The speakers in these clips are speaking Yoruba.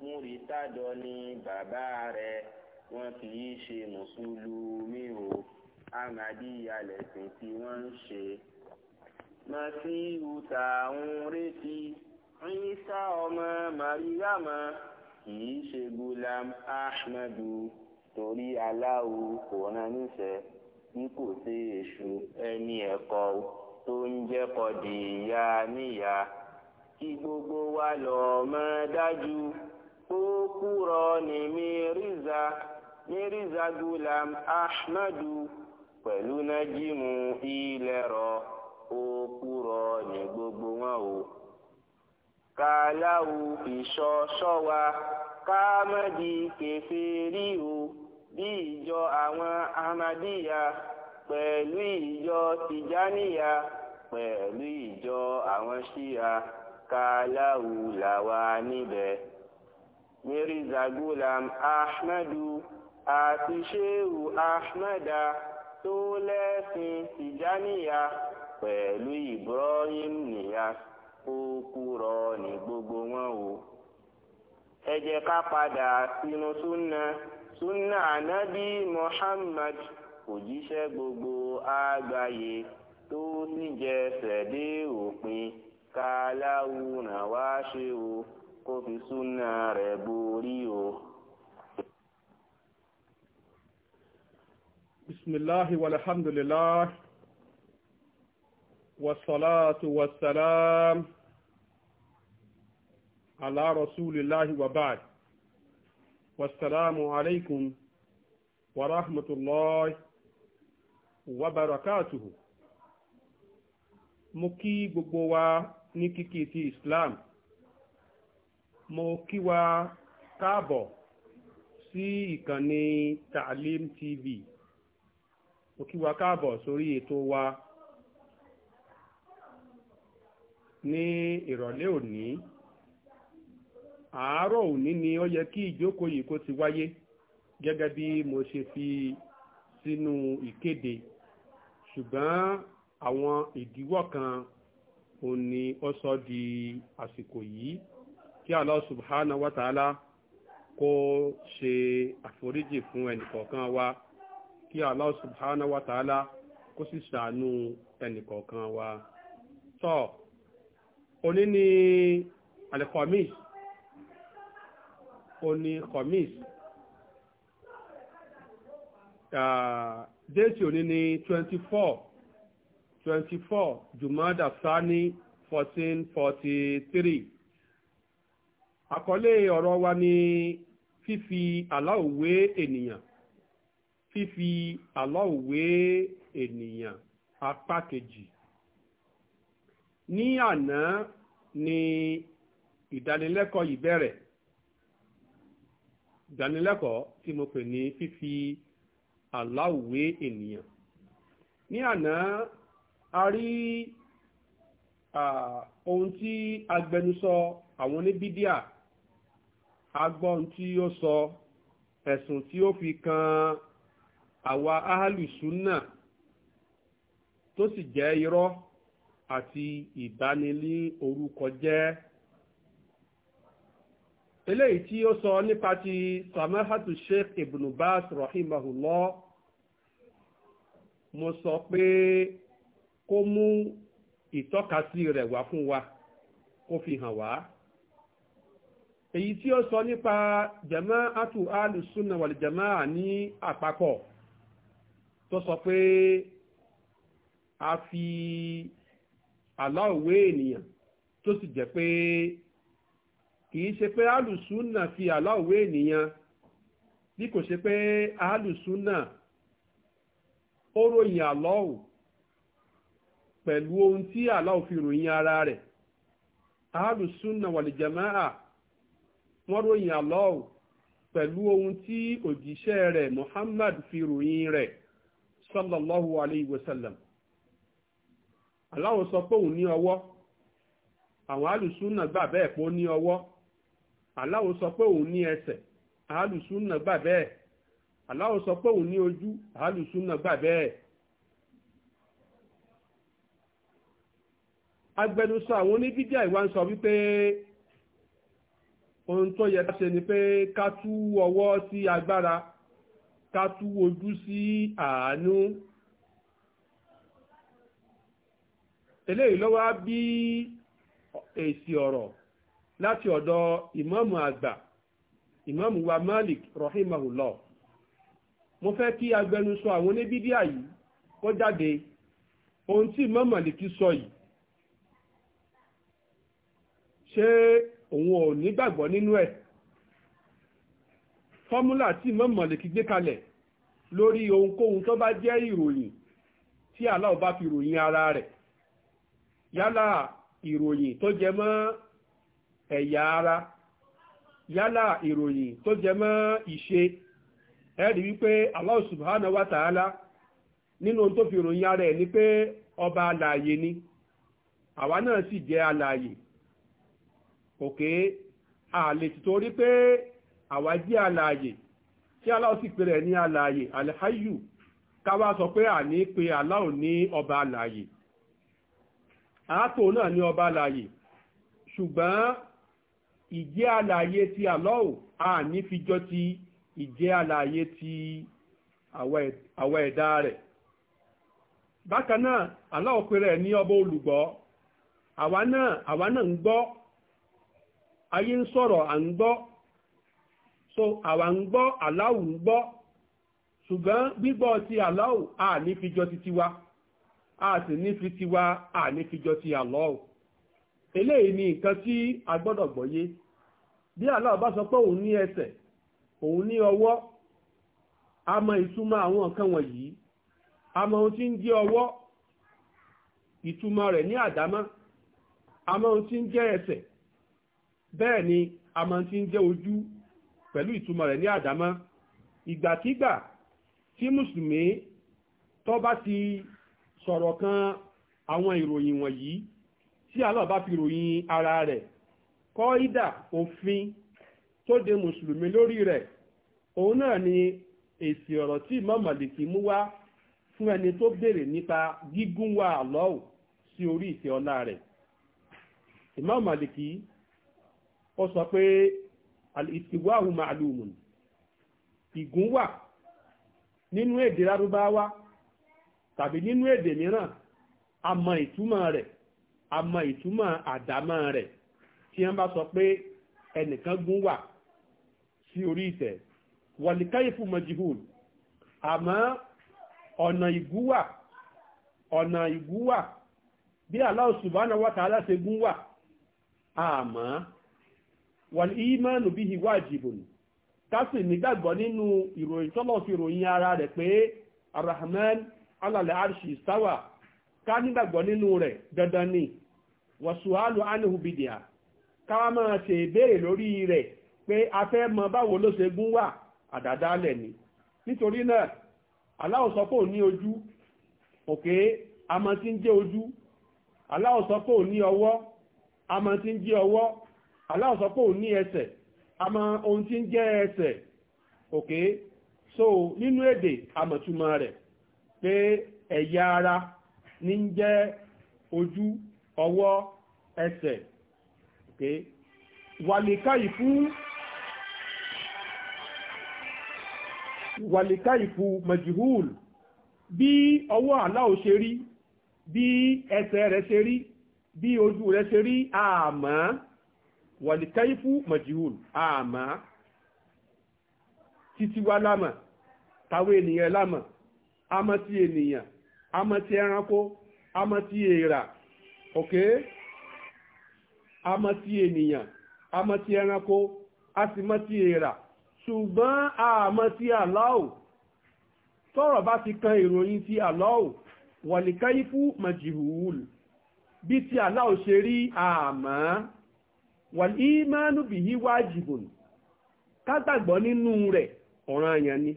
múrítàdọ ni bàbá rẹ̀ wọn kì í ṣe mùsùlùmí o amadi lẹ̀sìn tí wọ́n ń ṣe. masihu tá à ń retí Ìsá ọmọ màríyàmá kì í ṣe gulam ahmadu torí aláwo kò rán níṣẹ́ bí kò sí èṣù ẹni ẹ̀kọ́ tó ń jẹ́kọ̀ọ́ dìyà níyà kí gbogbo wa lọ́ọ́ mọ̀ dájú òpùrọ́ ni mírízà mírízà gulam ahmadu pẹ̀lú nájímù ilẹ̀rọ òpùrọ́ ni gbogbo wọn o kàláwù ìṣọ́ ṣọ́wa káàmọ́dì kẹfẹ́rí o bí ìjọ àwọn ahmadíyà pẹ̀lú ìjọ tìjáníyà pẹ̀lú ìjọ àwọn ṣíya kàláwù làwa níbẹ̀ mirza zagulam ahmadu àti sheu ahmada tó lẹ́sìn tìjáníyà pẹ̀lú ibrahim niyas ó kúrọ ní gbogbo wọn o ẹ ká padà sínú súnà súnà ànábì muhammad òjíṣẹ́ gbogbo àgbáyé tó sì jẹsẹ̀ dé òpin ká wá ṣe o kó fi súnà rẹ̀ borí o. bisimilahi walhamdulilah wasalaatu wasalaam ala rasulillahi wa baad wasalaamu alaykum wa rahmatulahi wa barakatuhu mo kí gbogbo wa ní kíkí ti islam mo kí wa káàbọ̀ sí ìkànnì talim TV mo kí wa káàbọ̀ sórí ètò wa ní ìrọ̀lẹ́ òní àárọ̀ òní ni ó yẹ kí ìjókòó yìí kó ti wáyé gẹ́gẹ́ bí mo ṣe fi sínú ìkéde ṣùgbọ́n àwọn ìdíwọ́ kan òní ó sọ di àsìkò yìí kí Allah subhanahu wa ta'ala kó ṣe àforíjì fún ẹnìkọ̀ọ̀kan wa kí Allah subhanahu wa ta'ala kó sì ṣàánú ẹnìkọ̀ọ̀kan wa tọ́ òní ni alẹ́kọ̀ọ́mìs òní kọ̀mìs déètì òní ni twenty four twenty four jùmọ́dà sáni fourteen forty three àkọlé ọ̀rọ̀ wa ni fífi aláòwé ènìyàn fífi aláòwé ènìyàn apá kejì ní àná ni ìdánilẹ́kọ̀ọ́ yìí bẹ̀rẹ̀ ìdánilẹ́kọ̀ọ́ tí mo pè ní fífi aláòwé ènìyàn ní àná a rí ohun tí agbẹnusọ àwọn oníbídíà agbọ́n tí ó sọ ẹ̀sùn tí ó fi kan àwa ahàlùsúnà tó sì jẹ́ irọ́ àti ìbánilí orúkọ jẹ́ eléyìí tí ó sọ nípa ti samahatu sheikh ibn bas rahimahullah mo sọ pé kó mú ìtọ́kasí rẹ̀ wá fún wa kó fi hàn wá. èyí tí ó sọ nípa jama'atu alùsùnà wal jama'a ní àpapọ̀ tó sọ pé a fi aláòwé ènìyàn tó sì jẹ́ pé kìí ṣe pé alùsùnà fi aláòwé ènìyàn bí kò ṣe pé alùsùnà ó ròyìn àlọ́wù pẹ̀lú ohun tí àlọ́wù fi ròyìn ara rẹ̀ alùsùnà wal jama'a wọ́n ròyìn Allah pẹ̀lú ohun tí òjíṣẹ́ rẹ̀ Muhammad fi ròyìn rẹ̀ sallallahu alayhi wa sallam Allah sọ pé òun ní ọwọ́ àwọn alùsùnà gbà bẹ́ẹ̀ pé ó ní ọwọ́ Allah sọ pé òun ní ẹsẹ̀ alùsùnà gbà bẹ́ẹ̀ Allah sọ pé òun ní ojú alùsùnà gbà bẹ́ẹ̀. agbẹnusọ àwọn oníbídíà ìwà ń sọ wípé ohun tó yẹ ká ṣe ni pé ká tú ọwọ́ sí agbára ká tú ojú sí àánú eléyìí ló bí èsì ọ̀rọ̀ láti ọ̀dọ̀ ìmáàmù àgbà ìmáàmù wa Malik rahimahullah mo fẹ́ kí agbẹnusọ àwọn oníbídíà yìí kó jáde ohun tí ìmáàmù Malik sọ yìí ṣé òun ò nígbàgbọ́ nínú ẹ̀ fọ́múlà tí mọ̀mọ̀lẹ́kì gbé kalẹ̀ lórí ohunkóhun tó bá jẹ́ ìròyìn tí fi ròyìn ara rẹ̀ yálà ìròyìn tó jẹ mọ́ ẹ̀yà ara yálà ìròyìn tó jẹ mọ́ ìṣe wípé òkè àlè títorí pé àwa jẹ́ alààyè tí aláwọ̀ sì pèrè ní alààyè alhayu káwá sọ pé àní pé aláwọ̀ ní ọba alààyè àátò náà ní ọba alààyè ṣùgbọ́n ìjẹ́ alààyè ti aláwọ̀ àní fi jọ ti ìjẹ́ alààyè ti àwa ẹ̀dá rẹ̀ bákan náà aláwọ̀ pèrè ní ọba olùgbọ́ àwa náà àwa náà ń gbọ́ ayé ń sọ̀rọ̀ à ń gbọ́ so àwa ń ṣùgbọ́n gbígbọ́ ti aláwù a ní fi jọ ti tiwa a sì ní fi tiwa a ní fi jọ ti aláwù eléyìí ni nǹkan tí a gbọ́dọ̀ gbọ́yé bí aláwù bá sọ pé òun ní ẹsẹ̀ òun ní ọwọ́ a mọ ìtumọ̀ àwọn nǹkan wọ̀nyí a mọ ohun tí ń jẹ́ ọwọ́ ìtumọ̀ rẹ̀ ní àdámọ́ a mọ bẹ́ẹ̀ ni a máa ti ń jẹ́ ojú pẹ̀lú ìtumọ̀ rẹ̀ ní àdámọ́ ìgbàkígbà tí mùsùlùmí tó bá ti sọ̀rọ̀ kan àwọn ìròyìn wọ̀nyí tí Allah bá fi ròyìn ara rẹ̀ kọ́ ìdà òfin tó de mùsùlùmí lórí rẹ̀ òun náà ni èsì ọ̀rọ̀ tí ìmọ̀mọ̀lẹ̀kì mú wá fún ẹni tó béèrè nípa gígùn wa Allah sí orí ìtẹ́ ọlá rẹ̀ ìmọ̀mọ̀lẹ̀kì ó sọ pé ìtìwáhù màálùmù ìgún wà nínú èdè lárúbáwá tàbí nínú èdè mìíràn a mọ ìtumọ̀ rẹ̀ a mọ ìtumọ̀ àdámọ́ rẹ̀ tí wọ́n bá sọ pé ẹnìkan gún wà sí orí ìtẹ̀ wàlíkáyìfù mọ̀jìhùl àmọ́ ọ̀nà ìgúwà ọ̀nà ìgúwà bí Allah subhanahu wa ta'ala ṣe gún wà àmọ́ wal imanu bihi wajibun kásì nígbàgbọ́ nínú ìròyìn tọ́lọ̀ fi ara rẹ̀ pé arahman alalẹ̀ arṣi sáwà ká nígbàgbọ́ nínú rẹ̀ dandan ni wàsùhálù anihubidia káwá máa ṣe ìbéèrè lórí rẹ̀ pé a mọ báwo ló ṣe gún wà àdádálẹ̀ ni nítorí náà Allah sọ pé ò ní ojú òkè tí ń jẹ́ ojú sọ Allah sọ pé òun ní ẹsẹ̀ àmọ́ ohun tí ń jẹ́ ẹsẹ̀ òkè so nínú èdè àmọ̀túmọ̀ rẹ̀ pé ẹ̀yà ara ní ń jẹ́ ojú ọwọ́ ẹsẹ̀ òkè wàlíkáì fún wàlíkáì fún majihul bí ọwọ́ Allah ṣe rí bí ẹsẹ̀ rẹ̀ ṣe rí bí ojú rẹ̀ ṣe rí àmọ́ wàlìkáyífù mọ̀jìhùn àmà títí wá lama, tawe ènìyàn lama, àmọ́ ti ènìyàn àmọ́ ti ẹranko àmọ́ ti èèrà ok àmọ́ ti ènìyàn àmọ́ ti ẹranko a sì mọ̀ ti èèrà ṣùgbọ́n àmọ́ ti àláò tọ́rọ̀ bá ti kan ìròyìn ti àláò wàlìkáyífù mọ̀jìhùn bí ti àláò ṣe rí àmọ́ wal imanu bihi wajibun kátàgbọ́ nínú rẹ̀ ọ̀ràn àyàn ni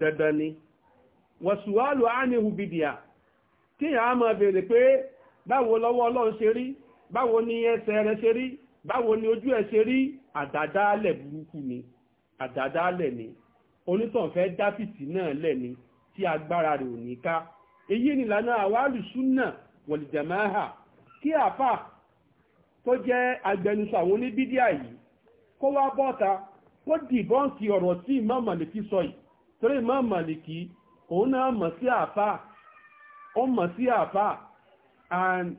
dandan ni wọ̀sùwálù ánìhù bìdìà tí a máa bèèrè pé báwo lọ́wọ́ ọlọ́run ṣe rí báwo ni ẹsẹ̀ rẹ̀ ṣe rí báwo ni ojú ẹ̀ ṣe rí àdádálẹ̀ burúkú ni àdádálẹ̀ ni onítàn fẹ́ dá náà lẹ̀ ni tí agbára rẹ̀ ò ní ká èyí nìlànà àwálù súnà wọ̀lìjàmáhà kí àfà tó jẹ́ agbẹnusọ àwọn oníbídíà yìí kó wá bọ́ta kó dìbọ́ǹkì ọ̀rọ̀ tí Imam Màlìkì sọ yìí torí Màlìkì òun náà mọ̀ sí àfà ó mọ̀ sí àfà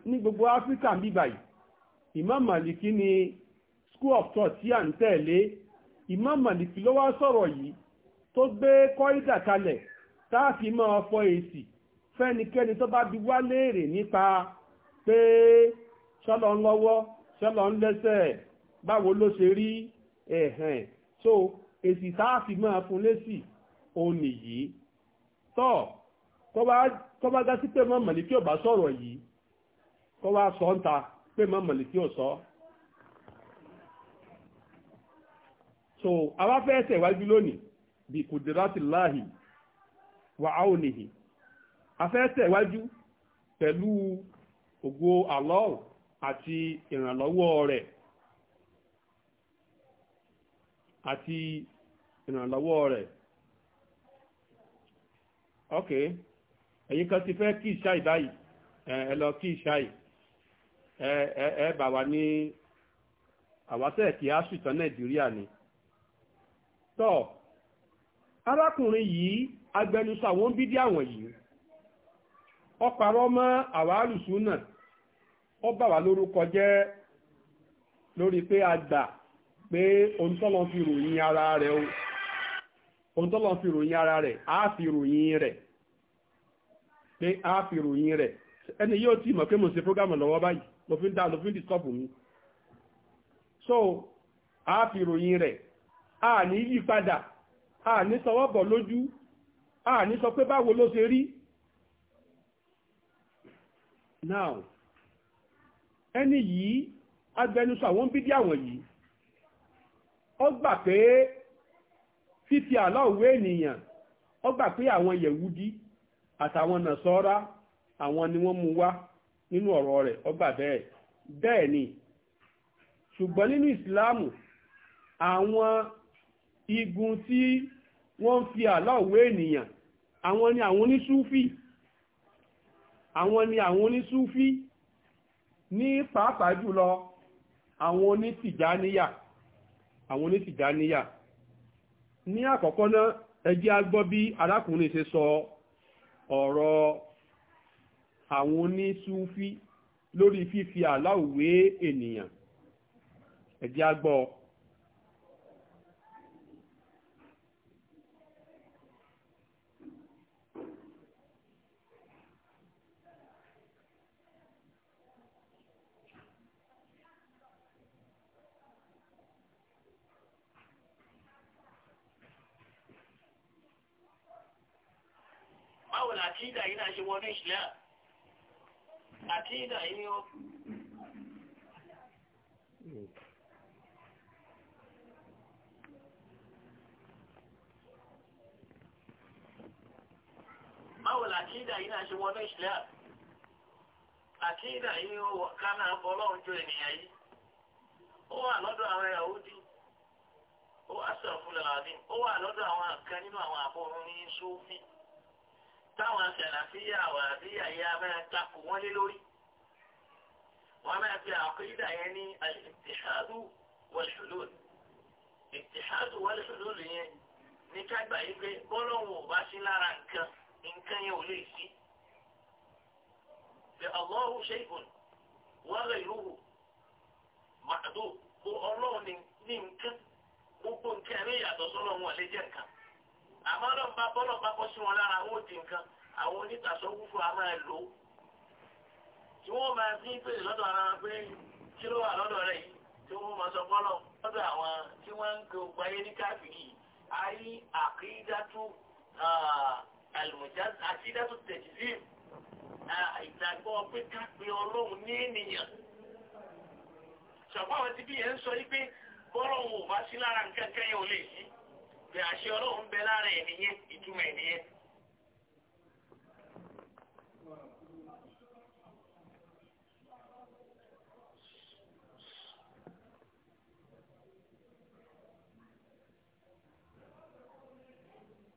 ní gbogbo Áfíríkà bíbà yìí ni school of thought tí à ń tẹ̀lé Imam Màlìkì ló wá sọ̀rọ̀ yìí tó gbé kọ́ídà kalẹ̀ fi máa fọ èsì fẹ́nikẹ́ni tó bá bi wá léèrè nípa pé sọ́lọ́ ṣẹlọ ń lẹ́sẹ̀ báwo ló ṣe rí ẹ̀hẹ̀n so èsì tá a fi máa fún lésì òun nìyí tọ́ tó bá gásí pé mọ́ mọ̀lẹ́kí ò bá sọ̀rọ̀ yìí kó wá sọ ń ta pé mọ́ mọ̀lẹ́kí ò sọ. so àwa fẹ́ tẹ̀wájú lónìí bí kùdìrátì láàhì wà á ò nìyí a fẹ́ tẹ̀wájú pẹ̀lú ògo Allah àti ìrànlọ́wọ́ rẹ̀ àti ìrànlọ́wọ́ rẹ̀ ok ẹ̀yin kan ti fẹ́ kí ìṣáì báyìí ẹ lọ kí ìṣáì ẹ bà wá ní àwásẹ̀ kí á ṣùtàn nàìjíríà ni tọ́ arákùnrin yìí agbẹnusọ àwọn bídí àwọn yìí ó parọ́ mọ́ àwárùsùn náà ó bà wá lórúkọ lórí pé a gbà pé ohun fi ròyìn ara rẹ o ohun tọ́lọ́ fi ròyìn ara rẹ a fi ròyìn rẹ pé a fi ròyìn rẹ ẹni yóò tí mọ̀ pé mo ṣe prógámù lọ́wọ́ báyìí fi ń dá fi ń mi so fi ròyìn rẹ a ní yí a ní lójú a ní sọ pé báwo ló ṣe rí ẹni yìí agbẹnusọ àwọn bídí àwọn yìí ó gbà pé fífi àláòwé ènìyàn ó gbà pé àwọn yẹ̀wúdí àtàwọn nàṣọ́ra àwọn ni wọ́n mú wá nínú ọ̀rọ̀ rẹ̀ ó gbà bẹ́ẹ̀ bẹ́ẹ̀ ni ṣùgbọ́n nínú ìsìláàmù àwọn igun tí wọ́n ń fi àláòwé ènìyàn àwọn ni àwọn onísúfì àwọn ni àwọn onísúfì ní pàápàá jùlọ àwọn onítìjáníyà àwọn onítìjáníyà ní àkọ́kọ́ náà ẹ jẹ́ á gbọ́ bí arákùnrin ṣe sọ ọ̀rọ̀ àwọn onísúfí lórí fífi àláwé ènìyàn ẹ jẹ́ á ọ. àkídà yìí náà ṣe wọ ní ìṣìlẹ̀ àkídà yìí ó báwo làkídà yìí náà ṣe wọ ní ìṣìlẹ̀ àkídà yìí ó ká náà fọlọ́run ju ènìyàn yìí ó wà lọ́dọ̀ àwọn Yahudi ó wà sọ̀rọ̀ fúnra ó wà lọ́dọ̀ àwọn nínú àwọn àbọ̀ táwọn àṣàlàfíà àwọn àbíyà yá máa takò wọ́n lé lórí. wọ́n máa fi àkídà yẹn ní al-ittihadu wal-hulul. ittihadu wal-hulul yẹn ní kágbà yìí pé bọ́lọ́hùn ò bá sí lára nǹkan nǹkan yẹn ò lè sí. bí Allahu shay'un wa ghayruhu ma'dud kó ọlọ́run ní nǹkan gbogbo nǹkan ẹ̀rí yàtọ̀ sọ́lọ́run ò nǹkan àmọ́ lọ́n bá bọ́lọ̀ bá bọ́ sí wọn lára àwọn òdì nǹkan àwọn onítàsọ́wúfò a máa lò ó tí wọ́n máa fi ń pèsè lọ́dọ̀ ara wọn pé kí ló wà lọ́dọ̀ rẹ̀ yìí tí wọ́n máa sọ bọ́lọ̀ lọ́dọ̀ àwọn tí wọ́n ń gbé gbayé ní káfíìrì ayé àkídátú àlùmọ̀já àkídátú tẹ̀síìmù ìgbàgbọ́ pé ká pe ọlọ́run ní ènìyàn ṣọ̀pọ̀ àwọn ti bí yẹn ń sọ yí pé bọ́lọ̀ wọn ò bá sí lára nǹkan kẹ́yìn ò lè yí bí àṣẹ ọlọ́run bẹ lára ẹ̀ nìyẹn ìtumọ̀ ẹ̀ nìyẹn.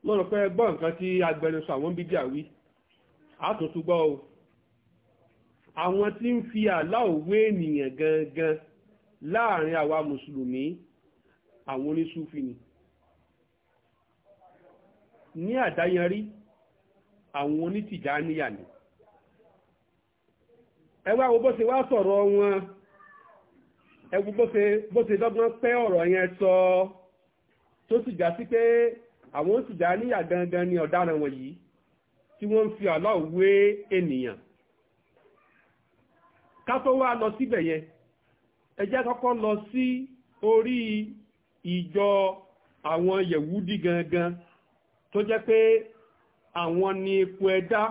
mo rò pé gbọ́ nǹkan tí agbẹnusọ àwọn bíbí àwí àtúntú gbọ́ o àwọn tí ń fi àláòwé ènìyàn gangan láàrin àwa mùsùlùmí àwọn oníṣúfì ni ní àdáyanrí àwọn onítìjáníyà ni ẹ wá wo bó ṣe wá sọ̀rọ̀ wọn ẹ wo bó ṣe dọ́gbọ́n pẹ́ ọ̀rọ̀ yẹn sọ tó sì já sí pé àwọn onítìjáníyà gangan ni ọ̀daràn wọn yìí tí wọ́n ń fi Allah wé ènìyàn ká tó wá lọ síbẹ̀ yẹn ẹ jẹ́ kọ́kọ́ lọ sí orí ìjọ àwọn yẹ̀wúdí gangan tó jẹ́ pé àwọn ni epo ẹ̀dá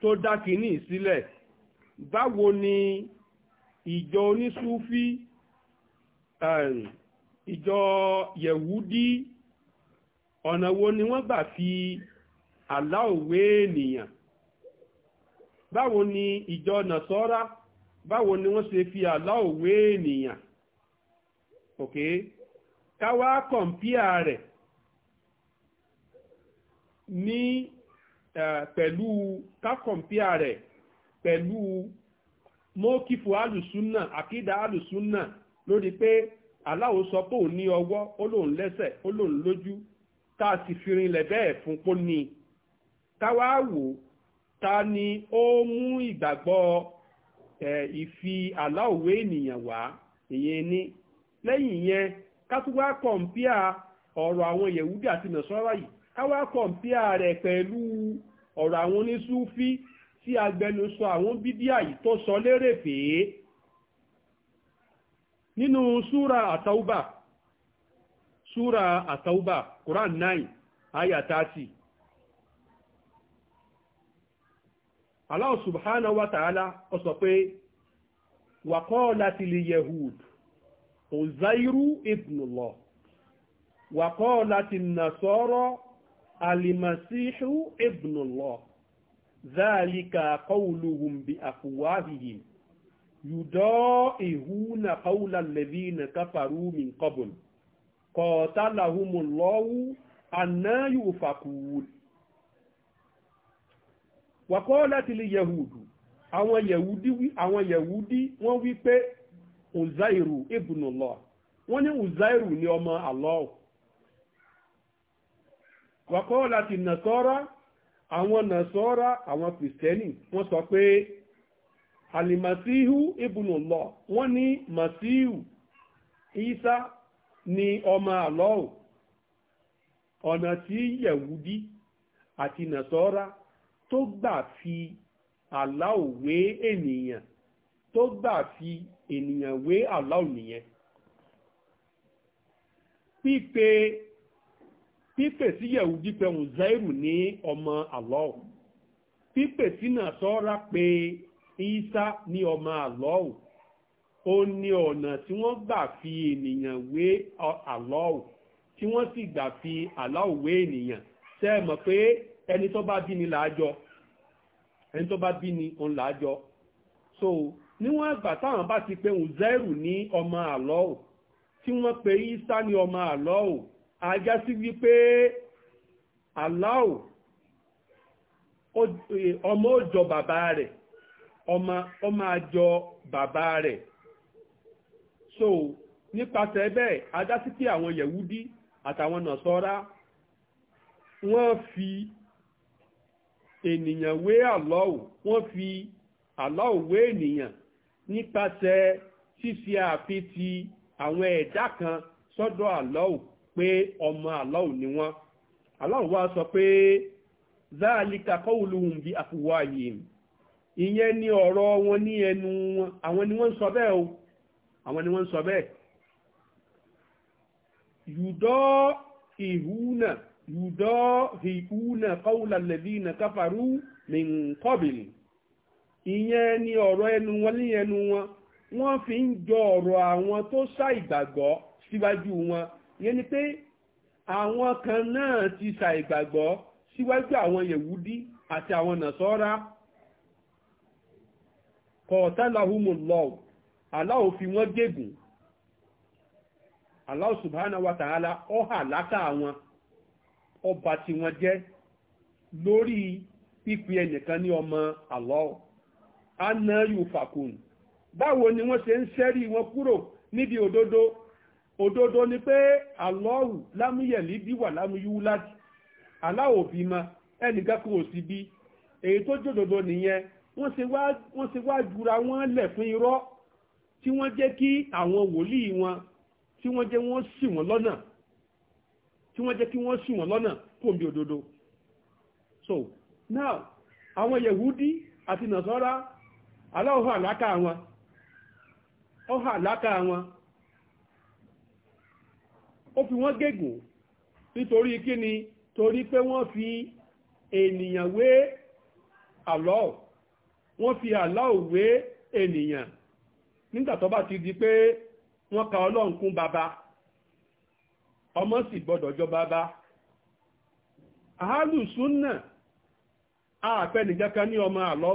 tó dá kínní sílẹ̀ báwo ni ìjọ onísúfí ìjọ yẹ̀wúdí ọ̀nà wo ni wọ́n gbà fi aláòwé ènìyàn báwo ni ìjọ nàṣọ́rá báwo ni wọ́n ṣe fi aláòwé ènìyàn ok káwá kọ̀m̀píà rẹ̀ ní pẹ̀lú kákọ̀mpíà rẹ̀ pẹ̀lú mọ́kìfù alùsùnà àkídà alùsùnà lórí pé aláwo sọ pé òun ní ọwọ́ ó lóun lẹ́sẹ̀ ó lóun lójú tá a sì fi rinlẹ̀ bẹ́ẹ̀ fún kó ní i táwa wò ta ni ó mú ìgbàgbọ́ ìfi aláòwe ènìyàn wá ìyẹn ní lẹ́yìn yẹn ká tún ọ̀rọ̀ àwọn yẹ̀wúdí àti nàṣọ́rọ̀ yìí káwá kọ̀m̀píà rẹ̀ pẹ̀lú ọ̀rọ̀ àwọn onísúfí tí agbẹnusọ àwọn bídíà yìí tó sọ lérè pé nínú súra àtàúbà súra àtàúbà Quran 9 ayà 30 Allah subhanahu wa ta'ala ó sọ pé wa qalatil yahud Uzairu ibnullah wa qalatin nasara alimasihu ibnullah zaalika qawluhum bi afwahihim yudọ́ìhúnà kọ́wùlà lẹ́bí na káfàrú min kọ́bùn kọ̀ọ̀tàláhùmù lọ́wù annáyù fàkúwùl wàkọ́ láti lè yẹ̀hùdù àwọn yẹ̀hùdí wọ́n wí pé ùzáìrù ibùnùlọ́ wọ́n ní ùzáìrù ni ọmọ Allah wàkọ́ọ̀lá ti awọn àwọn awọn àwọn kìrìsìtẹ́nì wọ́n sọ pé alimasihu lọ wọ́n ní masihu isa ni ọmọ àlọ́ọ̀ ọ̀nà tí yẹ̀wúdí àti nàṣọ́ra tó gbà fi àláò wé ènìyàn tó gbà fi ènìyàn wé àláò nìyẹn pípe pípè sí yẹ̀wùdí pé Uzairu ní ọmọ Allah pípè sí Nasara pé Isa ní ọmọ Allah ó ní ọ̀nà tí wọ́n gbà fi ènìyàn wé Allah tí wọ́n sì gbà fi Allah wé ènìyàn ṣé ẹ mọ̀ pé ẹni tó bá bí ni làájọ ẹni tó bá bí ni òun làájọ so níwọ̀n àgbà táwọn bá ti pé Uzairu ní ọmọ Allah tí wọ́n pe Isa ní ọmọ Allah ajá sí wípé aláwò ọmọ ó jọ bàbá rẹ̀ ọmọ ó máa jọ bàbá rẹ̀ so nípasẹ̀ bẹ́ẹ̀ ajá sí pé àwọn yẹ̀wúdí àtàwọn nàṣọ́ra wọ́n fi ènìyàn wé àlọ́wò wọ́n fi àlọ́wò wé ènìyàn nípasẹ̀ ṣíṣe àfi ti àwọn ẹ̀dá kan sọ́dọ̀ àlọ́wò pé ọmọ Allah ni wọ́n Allah wá sọ pé záàlìkà kọ́wùlùhùn bí àfùwà yìí ìyẹn ni ọ̀rọ̀ wọn ní ẹnu wọn àwọn ni wọ́n ń sọ bẹ́ẹ̀ o àwọn ni wọ́n ń sọ bẹ́ẹ̀ yùdọ́ ìhúnà yùdọ́ ìhúnà kọ́wùlà lẹ́dínà káfàrú min kọ́bìlì ìyẹn ni ọ̀rọ̀ ẹnu wọn ní ẹnu wọn wọ́n fi ń jọ ọ̀rọ̀ àwọn tó ṣàìgbàgbọ́ síwájú wọn ìyẹn ni pé àwọn kan náà ti ṣàìgbàgbọ́ síwájú àwọn yẹ̀wúdí àti àwọn nàṣọ́ra qatalahumullah Allahu fi wọ́n gégùn Allahu subhanahu wa ala ó hàlákà wọn ó bà tí wọ́n jẹ́ lórí pípe ẹnìkan ní ọmọ Allah anna yufakun báwo ni wọ́n se ń seri wọn kúrò níbi ododo. òdodo ni pé àlọ́rù lámúyẹ̀lì bí wà lámúyú láti aláwò bímọ ẹnìkan kò sí bí èyí tó jòdodo nìyẹn wọ́n ṣe wá jura wọ́n lẹ̀ fún irọ́ tí wọ́n jẹ́ kí àwọn wòlíì wọn tí wọ́n jẹ́ wọ́n ṣì wọ́n lọ́nà tí wọ́n jẹ́ kí wọ́n wọ́n so now àwọn yehudi àti nàṣọ́ra aláwọ̀ hàn láká wọn ó hàn ó fi wọ́n gégùn nítorí kíni torí pé wọ́n fi ènìyàn wé Allah wọ́n fi Allah wé ènìyàn nígbà tó bá ti di pé wọ́n ka ọlọ́run kún bàbá ọmọ sì gbọ́dọ̀ jọ bàbá àhálù súnà àpẹnìjẹ́kan ní ọmọ àlọ́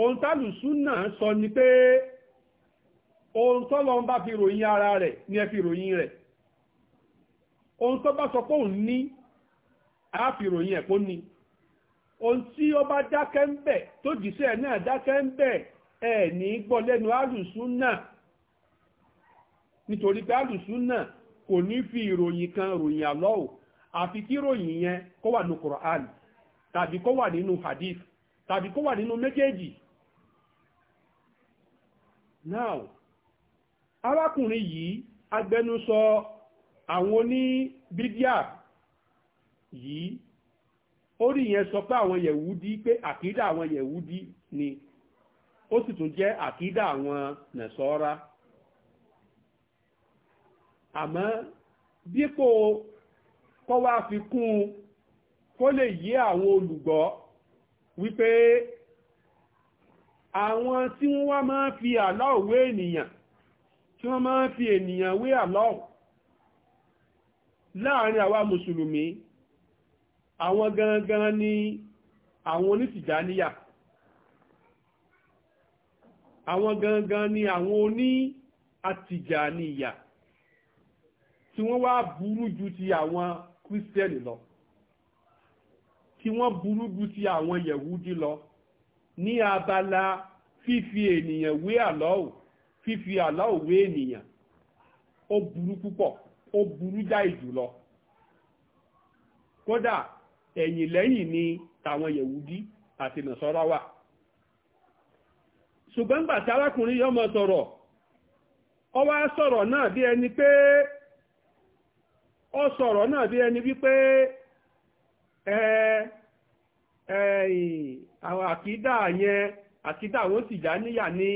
ohun tálù súnà sọ ni pé ohun tọ́lọ ń bá fi ròyìn ara rẹ̀ ní ẹ fi ròyìn rẹ̀ ohun tó bá sọ pé òun ní á fi ròyìn ẹ̀ ní ohun tí ó bá dákẹ́ ń bẹ̀ tó jìṣẹ́ náà dákẹ́ ń bẹ̀ ẹ̀ ní gbọ́ lẹ́nu alùsùn náà nítorí pé alùsùn náà kò ní fi ìròyìn kan ròyìn àlọ́ò àfi kí ròyìn yẹn kó wà ní Qur'an tàbí kó wà nínú hadith tàbí kó wà nínú méjèèjì now arákùnrin yìí agbẹnusọ àwọn oní bídíà yìí orí yẹn sọ pé àwọn yẹ̀wúdí pé àkídà àwọn yẹ̀wúdí ni ó sì tún jẹ́ àkídà àwọn nẹ̀sọ́ra àmọ́ dípò kọ́ wá fi kún un kó lè yé àwọn olùgbọ́ wípé àwọn tí wọ́n wá máa fi àlá òwe ènìyàn tí wọ́n máa ń fi ènìyàn wé Allah láàrin àwa musulumi, àwọn gangan ni àwọn onítìjáníyà àwọn gangan ni àwọn oní àtìjáníyà tí wọ́n wá burú ju ti àwọn kírísítẹ́nì lọ tí wọ́n burú ju ti àwọn yẹ̀wúdí lọ ní abala fífi ènìyàn wé àlọ́ọ̀ fífi àlá òwe ènìyàn ó burú púpọ̀ ó burú jáì jùlọ kódà ẹ̀yìn lẹ́yìn ni tàwọn yẹ̀wùdí àti nàṣọ́rá wà ṣùgbọ́n gbà tí arákùnrin yọmọ sọ̀rọ̀ ọ wá sọ̀rọ̀ náà bí ẹni pé ọ sọ̀rọ̀ náà bí ẹni wípé ẹ ẹ àwọn àkídà yẹn àkídà wọn sì já níyà ní. Yani,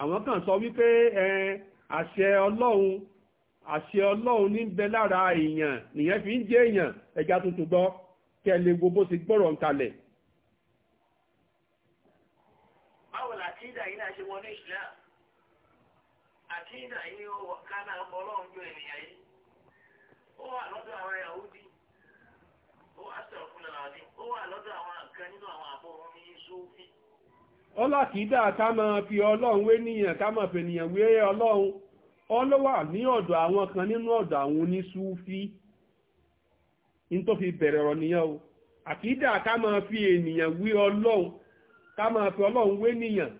àwọn kan sọ wípé ẹ àṣẹ ọlọ́run àṣẹ ọlọ́run ní bẹ lára èèyàn nìyẹn fi ń jẹ́ èèyàn ẹja tuntun gbọ́ kẹ lè wo bó ṣe gbọ́rọ̀ ń kalẹ̀. báwo la àkídà yìí náà ṣe wọnú Islam àkídà yìí ó wọ kánà ọmọ ọlọ́run ju ènìyàn yìí ó wà lọ́dọ̀ àwọn Yahudi ó wà sọ̀rọ̀ fún ọ̀nà ọ̀dín ó wà lọ́dọ̀ àwọn kan nínú àwọn àbọ̀ òun ní Sufi. ọlákìdá ká máa fi ọlọ́run wé níyàn ká máa fènìyàn wé ọlọ́run ọlọ́wà ní ọ̀dọ̀ àwọn kan nínú ọ̀dọ̀ àwọn ní tó fi bẹ̀rẹ̀ ọ̀rọ̀ o àkìdá ká máa fi ènìyàn wé ọlọ́run ká fi ọlọ́run wé níyàn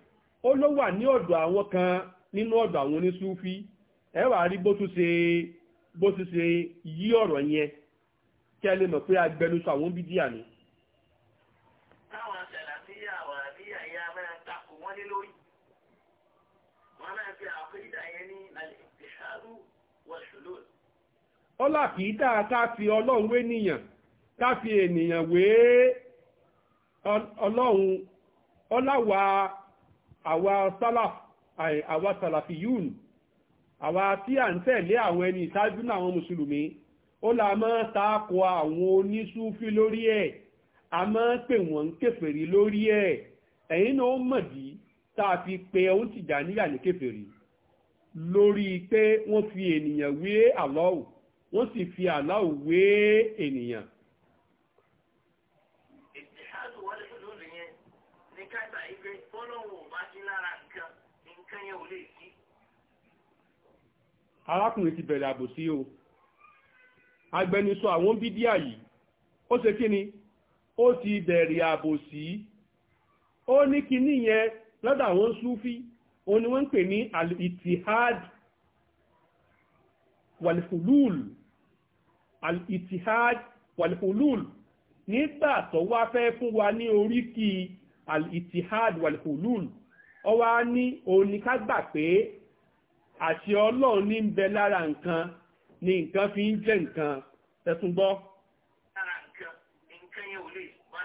ọlọ́wà ní ọ̀dọ̀ àwọn kan nínú ọ̀dọ̀ àwọn onísúfí ẹ wá rí bó tún ṣe bó tún ṣe yí ọ̀rọ̀ yẹn kí ẹ lè mọ̀ pé ni ọlá kì í dáa ká fi ọlọ́run wé nìyàn ká fi ènìyàn wé ọlọ́run ọláwà àwa sálàf àwa sàlàfíyùn àwa tí à ń tẹ̀lé àwọn ẹni ìṣáájú náà àwọn mùsùlùmí ó là máa tako àwọn onísúfí lórí ẹ̀ a máa pè wọ́n ń kèfèrí lórí ẹ̀ ẹ̀yin náà mọ̀dí tá a fi pe ohun tìjà níyà ní kèfèrí lórí pé wọ́n fi ènìyàn wé àlọ́wù wọ́n sì fi aláwò wé ènìyàn. arákùnrin ti bẹ̀rẹ̀ àbòsí o agbẹnusọ àwọn bídíà yìí ó ṣe kí ni ó ti bẹ̀rẹ̀ àbòsí ó ní kinní yẹn lọ́dọ̀ àwọn súfí òun ni wọ́n ń pè ní al-ittihad al-ittihad wal-hulul nígbà tó wá fẹ́ wa ní oríkì al-ittihad wal-hulul ó wá ní òní pé àṣẹ ọlọ́run ní ń bẹ lára ni nǹkan fi ń nkan nǹkan tẹ́tún gbọ́. ọlọ́run ò bá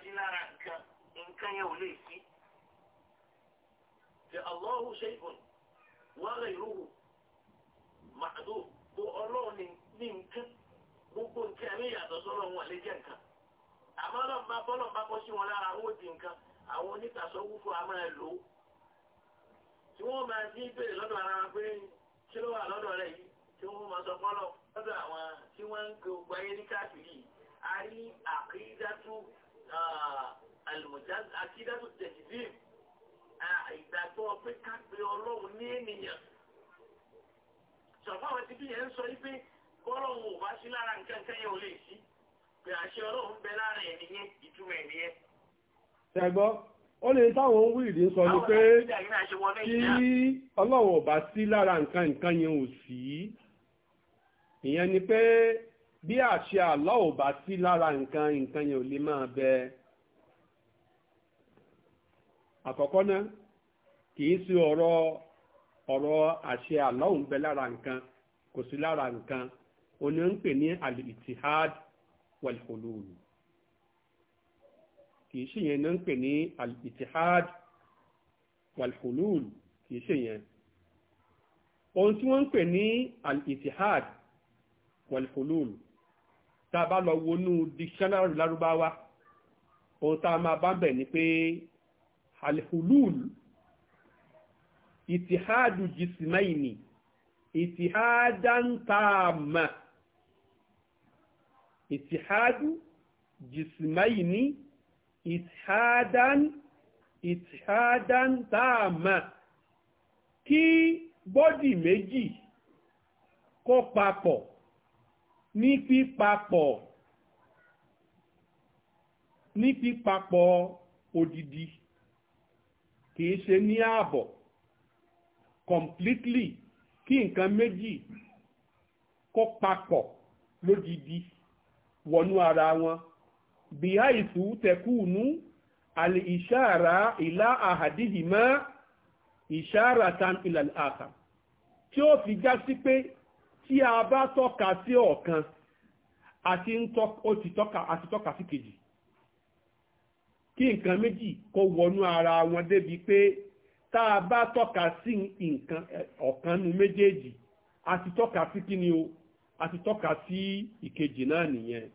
sí lára nǹkan wọ́n lè rúwù màdó tó ọlọ́run ní ní nǹkan gbogbo nǹkan ẹ̀mí ìyàtọ̀ sọ́nà wọn lè jẹ́ nǹkan àmọ́ náà bá bọ́lọ̀ bá bọ́ sí wọn lára wọn ò di nǹkan àwọn onítàsọ́ wúfọ́ a máa lò ó tí wọ́n máa ní ìbéèrè lọ́dọ̀ ara wọn pé kí ló wà lọ́dọ̀ rẹ̀ yìí tí wọ́n máa sọ fọ́lọ̀ lọ́dọ̀ àwọn tí wọ́n ń gbé ogun ayé ní káàkiri yìí àkídátú àlùmọ̀já àkídátú tẹ̀síbíìmù ìgbàgbọ́ pé ká pe ọlọ́run ní ènìyàn sọ̀fọ́n ti bí yẹn ń sọ wípé kọ́lọ́run ò bá sí lára nǹkan kan yẹn ò lè sí pé àṣẹ ọlọ́run bẹ lára ẹ̀ nìyẹn ìtumọ̀ ẹ̀ nìyẹn. ṣẹ́gbọ́ ó lè táwọn ń wíìdì sọ ni pé kí ọlọ́run ò bá sí lára nǹkan nǹkan yẹn ò sí ìyẹn ni pé bí àṣẹ àlọ́ ò bá sí lára nǹkan nǹkan yẹn ò lè máa bẹ́ẹ̀ àkọ́kọ́ náà kì í sí ọ̀rọ̀ ọ̀rọ̀ àṣẹ àlọ́hùn bẹ lára nǹkan kò sí lára nǹkan oní ń pè ní al-ittihad wal-hulul kì í ṣe yẹn ní ń pè ní al-ittihad wal-hulul kì yẹn ohun tí wọ́n ń pè ní al-ittihad wal tá a bá lọ wọnú dictionary lárúbáwá ohun tá a máa bá bẹ̀ ni pé alhulul ìtìhádù jìsìmáìní ìtìhádán tààmà ìtìhádù jìsìmáìní ìtìhádán ìtìhádán tààmà kí bọ́dì méjì kó papọ̀ ní pípapọ̀ ní pípapọ̀ odidi kì ṣe ní ààbọ̀ completely kí nǹkan méjì kó papọ̀ lójijì wọnú ara wọn bí àìsù tẹkùnú àlè ìṣàrà ìlà àhàdìhìmá ìṣàrà tan ìlànà àkà tí ó fi já sí pé tí a bá tọ́ka sí ọ̀kan àti tọ́ka sí kejì kí nǹkan méjì kó wọnú ara wọn débi pé tá a bá tọ́ka sí nǹkan ọ̀kanú méjèèjì a ti tọ́ka sí kíni o a ti tọ́ka sí ìkejì náà nìyẹn